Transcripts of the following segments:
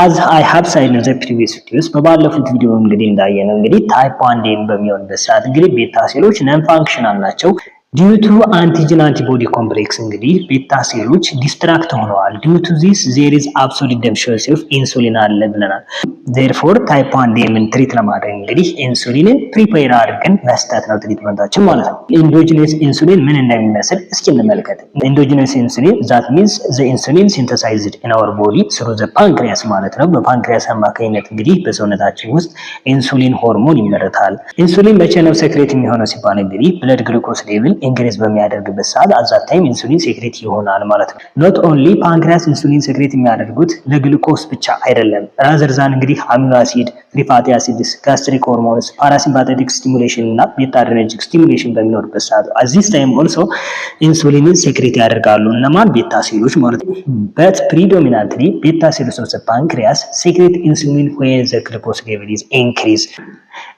አዝ አይ ሀብ ሳይድ ዘ ፕሪቪየስ ቪዲዮስ በባለፉት ቪዲዮ እንግዲህ እንዳየነው እንግዲህ ታይፕ 1 በሚሆንበት ሰዓት እንግዲህ ቤታ ሴሎች ነን ፋንክሽናል ናቸው ዲዩቱ አንቲጅን አንቲቦዲ ኮምፕሌክስ እንግዲህ ቤታ ሴሎች ዲስትራክት ሆነዋል። ዲዩቱ ዚስ ዜር ኢዝ አብሶሉት ዴፊሸንሲ ኦፍ ኢንሱሊን አለ ብለናል። ዜርፎር ታይፕ ዋን ዲኤምን ትሪት ለማድረግ እንግዲህ ኢንሱሊንን ፕሪፔር አድርገን መስጠት ነው ትሪትመንታችን ማለት ነው። ኢንዶጂነስ ኢንሱሊን ምን እንደሚመስል እስኪ እንመልከት። ኢንዶጂነስ ኢንሱሊን ዛት ሚንስ ዘ ኢንሱሊን ሲንተሳይዝድ ኢን አወር ቦዲ ስሩ ዘ ፓንክሪያስ ማለት ነው። በፓንክሪያስ አማካኝነት እንግዲህ በሰውነታችን ውስጥ ኢንሱሊን ሆርሞን ይመረታል። ኢንሱሊን መቼ ነው ሰክሬት የሚሆነው ሲባል እንግዲህ ብለድ ግሉኮስ ሌቭል ኢንክሪዝ በሚያደርግበት ሰዓት አዛታይም ኢንሱሊን ሴክሬት ይሆናል ማለት ነው። ኖት ኦንሊ ፓንክሪያስ ኢንሱሊን ሴክሬት የሚያደርጉት ለግልቆስ ብቻ አይደለም። ራዘርዛን እንግዲህ አሚኖ አሲድ፣ ፍሪ አሲድስ፣ ጋስትሪክ ሆርሞንስ፣ ፓራሲምፓቴቲክ ስቲሙሌሽን እና ቤታድሬነርጂክ ስቲሙሌሽን በሚኖርበት ሰዓት አዚስ ታይም ኦልሶ ኢንሱሊንን ሴክሬት ያደርጋሉ። እነማን ቤታ ሴሎች ማለት ነው። በት ፕሪዶሚናንትሊ ቤታ ሴሎች ኦፍ ፓንክሪያስ ሴክሬት ኢንሱሊን ዌን ዘ ግልኮስ ሌቭል ኢዝ ኢንክሪዝ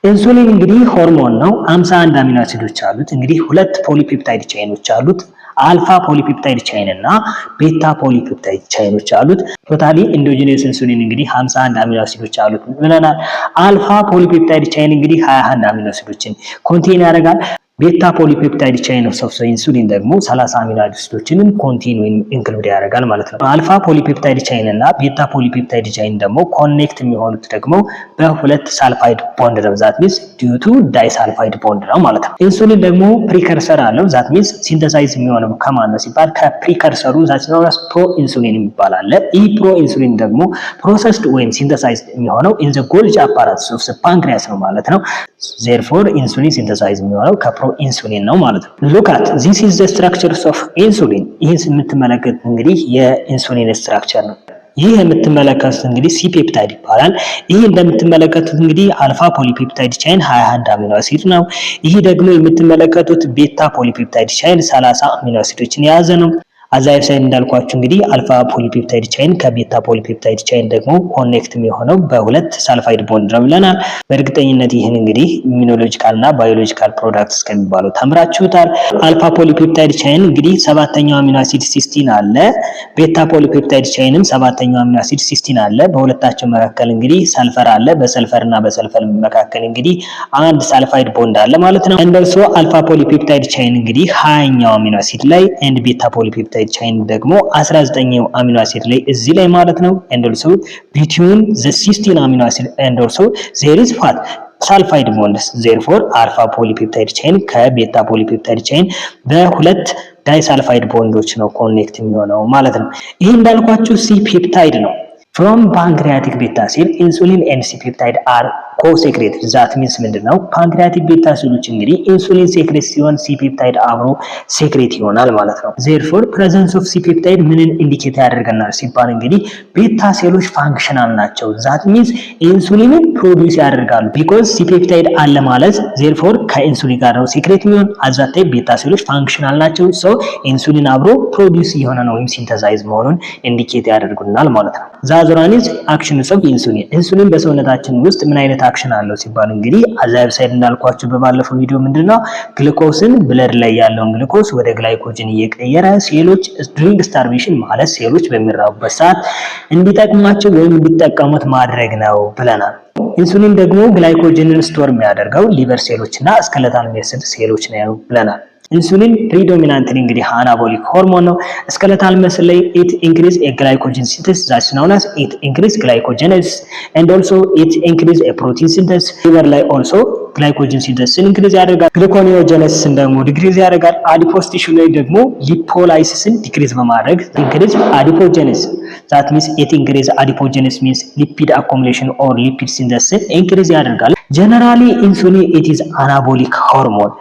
ኢንሱሊን እንግዲህ ሆርሞን ነው። 51 አሚኖ አሲዶች አሉት። እንግዲህ ሁለት ፖሊፔፕታይድ ቻይኖች አሉት። አልፋ ፖሊፔፕታይድ ቻይን እና ቤታ ፖሊፔፕታይድ ቻይኖች አሉት። ቶታሊ ኢንዶጂነስ ኢንሱሊን እንግዲህ 51 አሚኖ አሲዶች አሉት ብለናል። አልፋ ፖሊፔፕታይድ ቻይን እንግዲህ 21 አሚኖ አሲዶችን ኮንቴን ያደርጋል። ቤታ ፖሊፔፕታይድ ቻይን ኦፍ ኢንሱሊን ደግሞ 30 አሚኖ አሲዶችንን ኮንቲኑ ኢንክሉድ ያደርጋል ማለት ነው። አልፋ ፖሊፔፕታይድ ቻይን እና ቤታ ፖሊፔፕታይድ ቻይን ደግሞ ኮኔክት የሚሆኑት ደግሞ በሁለት ሳልፋይድ ቦንድ ነው። ዛት ሚንስ ዲዩቱ ዳይ ሳልፋይድ ቦንድ ነው ማለት ነው። ኢንሱሊን ደግሞ ፕሪከርሰር አለው። ዛት ሚንስ ሲንተሳይዝ የሚሆነው ከማን ነው ሲባል ከፕሪከርሰሩ ዛት ኖራስ ፕሮ ኢንሱሊን የሚባል አለ። ኢ ፕሮ ኢንሱሊን ደግሞ ፕሮሰስድ ወይም ሲንተሳይዝ የሚሆነው ኢን ዘ ጎልጅ አፓራተስ ኦፍ ፓንክሪያስ ነው ማለት ነው። ዜርፎር ኢንሱሊን ሲንተሳይዝ የሚሆነው ከፕሮ የምንሰራው ኢንሱሊን ነው ማለት ነው። ሉካት ዚስ ኢዝ ዘ ኦፍ ኢንሱሊን። ይህን የምትመለከት እንግዲህ የኢንሱሊን ስትራክቸር ነው። ይህ የምትመለከቱት እንግዲህ ሲፔፕታይድ ይባላል። ይህ እንደምትመለከቱት እንግዲህ አልፋ ፖሊፔፕታይድ ቻይን 21 አሚኖ አሲድ ነው። ይህ ደግሞ የምትመለከቱት ቤታ ፖሊፔፕታይድ ቻይን 30 አሚኖ አሲዶችን የያዘ ነው። አዛይሳይን እንዳልኳችሁ እንግዲህ አልፋ ፖሊፔፕታይድ ቻይን ከቤታ ፖሊፔፕታይድ ቻይን ደግሞ ኮኔክት የሆነው በሁለት ሳልፋይድ ቦንድ ነው ብለናል። በእርግጠኝነት ይህን እንግዲህ ኢሚኖሎጂካል እና ባዮሎጂካል ፕሮዳክትስ ከሚባሉ ተምራችሁታል። አልፋ ፖሊፔፕታይድ ቻይን እንግዲህ ሰባተኛው አሚኖ አሲድ ሲስቲን አለ። ቤታ ፖሊፔፕታይድ ቻይንም ሰባተኛው አሚኖ አሲድ ሲስቲን አለ። በሁለታቸው መካከል እንግዲህ ሰልፈር አለ። በሰልፈር እና በሰልፈር መካከል እንግዲህ አንድ ሳልፋይድ ቦንድ አለ ማለት ነው። እንደርሶ አልፋ ፖሊፔፕታይድ ቻይን እንግዲህ ሀያኛው አሚኖ አሲድ ላይ ኤንድ ቤታ ፖሊፔፕታይድ ያዘጋጀች ቻይን ደግሞ 19ኛው አሚኖ አሲድ ላይ እዚህ ላይ ማለት ነው ኤንዶልሶ ኦልሶ ቢትዊን ዘ ሲስቲን አሚኖ አሲድ ኤንዶልሶ ኦልሶ ዜር ኢዝ ፋት ሳልፋይድ ቦንድስ ዜርፎር አልፋ ፖሊፔፕታይድ ቼን ከቤታ ፖሊፔፕታይድ ቼን በሁለት ዳይሳልፋይድ ቦንዶች ነው ኮኔክት የሚሆነው ማለት ነው። ይህ እንዳልኳችሁ ሲ ፔፕታይድ ነው። ፍሮም ፓንክሪያቲክ ቤታ ሴል ኢንሱሊን ኤንድ ሲ ፔፕታይድ አር ኮሴክሬት ዛት ሚንስ ምንድን ነው? ፓንክሪያቲክ ቤታ ሴሎች እንግዲህ ኢንሱሊን ሴክሬት ሲሆን ሲፔፕታይድ አብሮ ሴክሬት ይሆናል ማለት ነው። ዜርፎር ፕሬዘንስ ኦፍ ሲፔፕታይድ ምንን ኢንዲኬት ያደርገናል ሲባል እንግዲህ ቤታ ሴሎች ፋንክሽናል ናቸው። ዛት ሚንስ ኢንሱሊንን ፕሮዲውስ ያደርጋሉ። ቢኮዝ ሲፔፕታይድ አለ ማለት ዜርፎር ከኢንሱሊን ጋር ነው ሴክሬት የሚሆን አዛታይ ቤታ ሴሎች ፋንክሽናል ናቸው። ሰው ኢንሱሊን አብሮ ፕሮዲውስ የሆነ ነው ወይም ሲንተሳይዝ መሆኑን ኢንዲኬት ያደርጉናል ማለት ነው። ዛዞራኒዝ አክሽንስ ኦፍ ኢንሱሊን ኢንሱሊን በሰውነታችን ውስጥ ምን አይነት ኢንተራክሽን አለው ሲባል እንግዲህ አዛብ ሳይድ እንዳልኳችሁ በባለፈው ቪዲዮ ምንድነው ግሉኮስን ብለድ ላይ ያለውን ግሉኮስ ወደ ግላይኮጅን እየቀየረ ሴሎች ድሪንግ ስታርቬሽን ማለት ሴሎች በሚራቡበት ሰዓት እንዲጠቅማቸው ወይም እንዲጠቀሙት ማድረግ ነው ብለናል። ኢንሱሊን ደግሞ ግላይኮጅንን ስቶር የሚያደርገው ሊቨር ሴሎች እና ሜስል ሴሎች ነው ብለናል። ኢንሱሊን ፕሪዶሚናንትሊ እንግዲህ አናቦሊክ ሆርሞን ነው። ስኬለታል መስል ላይ ኢት ኢንክሪዝ ግላይኮጅን ሲንተሲስ ዛትስ ናውን ኢት ኢንክሪዝ ግላይኮጀነስ ኤንድ ኦልሶ ኢት ኢንክሪዝ ኤ ፕሮቲን ሲንተሲስ ሊቨር ላይ ኦልሶ ግላይኮጅን ሲደስን እንግዲዝ ያደርጋል። ግሊኮኒዮጀነሲስን ደግሞ ዲግሪዝ ያደርጋል። አዲፖስ ቲሹ ላይ ደግሞ ሊፖላይሲስን ዲግሪዝ በማድረግ ኢንክሪዝ አዲፖጀነስ ዛት ሚንስ ኢት ኢንክሪዝ አዲፖጀነስ ሚንስ ሊፒድ አኮሙሌሽን ኦር ሊፒድ ሲንደስን ኢንክሪዝ ያደርጋል። ጀነራሊ ኢንሱሊን ኢት ኢዝ አናቦሊክ ሆርሞን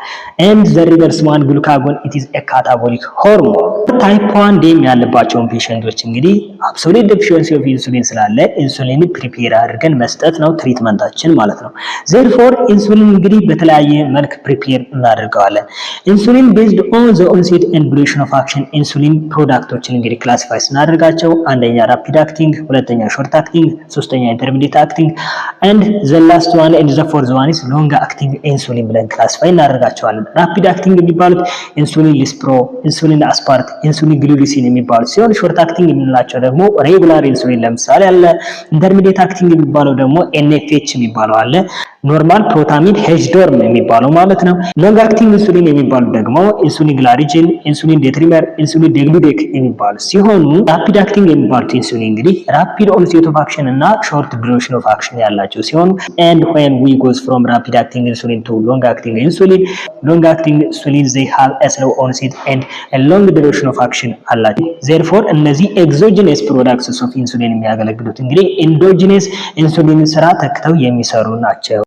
ኤንድ ዘ ሪቨርስ ዋን ግሉካጎን ኢት ኢዝ ኤ ካታቦሊክ ሆርሞን። ታይፕ ዋን ዴም ያለባቸውን ፔሸንቶች እንግዲህ አብሶሉት ዴፊሽንሲ ኦፍ ኢንሱሊን ስላለ ኢንሱሊን ፕሪፔር አድርገን መስጠት ነው ትሪትመንታችን ማለት ነው። ዜርፎር ኢንሱሊን ኢንሱሊን እንግዲህ በተለያየ መልክ ፕሪፔር እናደርገዋለን። ኢንሱሊን ቤዝድ ኦን ዘ ኦንሴት ኤንድ ዱሬሽን ኦፍ አክሽን ኢንሱሊን ፕሮዳክቶችን እንግዲህ ክላሲፋይ ስናደርጋቸው አንደኛ ራፒድ አክቲንግ፣ ሁለተኛ ሾርት አክቲንግ፣ ሶስተኛ ኢንተርሚዲየት አክቲንግ ኤንድ ዘ ላስት ዋን ኤንድ ዘ ፎርዝ ዋን ኢዝ ሎንግ አክቲንግ ኢንሱሊን ብለን ክላሲፋይ እናደርጋቸዋለን። ራፒድ አክቲንግ የሚባሉት ኢንሱሊን ሊስፕሮ፣ ኢንሱሊን አስፓርት፣ ኢንሱሊን ግሉሊሲን የሚባሉት ሲሆን ሾርት አክቲንግ የምንላቸው ደግሞ ሬጉላር ኢንሱሊን ለምሳሌ አለ። ኢንተርሚዲየት አክቲንግ የሚባለው ደግሞ ኤንኤፍኤች የሚባለው አለ። ኖርማል ፕሮታሚን ፕሮታሚድ ሄጅዶርም የሚባለው ማለት ነው። ሎንግ አክቲንግ ኢንሱሊን የሚባሉ ደግሞ ኢንሱሊን ግላሪጅን፣ ኢንሱሊን ዴትሪመር፣ ኢንሱሊን ደግሉዴክ የሚባሉ ሲሆኑ ራፒድ አክቲንግ የሚባሉት ኢንሱሊን እንግዲህ ራፒድ ኦንሴት ኦፍ አክሽን እና ሾርት ዱሬሽን ኦፍ አክሽን ያላቸው ሲሆኑ ኤንድ ዌን ዊ ጎዝ ፍሮም ራፒድ አክቲንግ ኢንሱሊን ቱ ሎንግ አክቲንግ ኢንሱሊን ሎንግ አክቲንግ ኢንሱሊን ዘይ ሃቭ ኤ ስሎው ኦንሴት ኤንድ ሎንግ ዱሬሽን ኦፍ አክሽን አላቸው። ዜርፎር እነዚህ ኤግዞጂነስ ፕሮዳክትስ ኦፍ ኢንሱሊን የሚያገለግሉት እንግዲህ ኢንዶጂነስ ኢንሱሊን ስራ ተክተው የሚሰሩ ናቸው።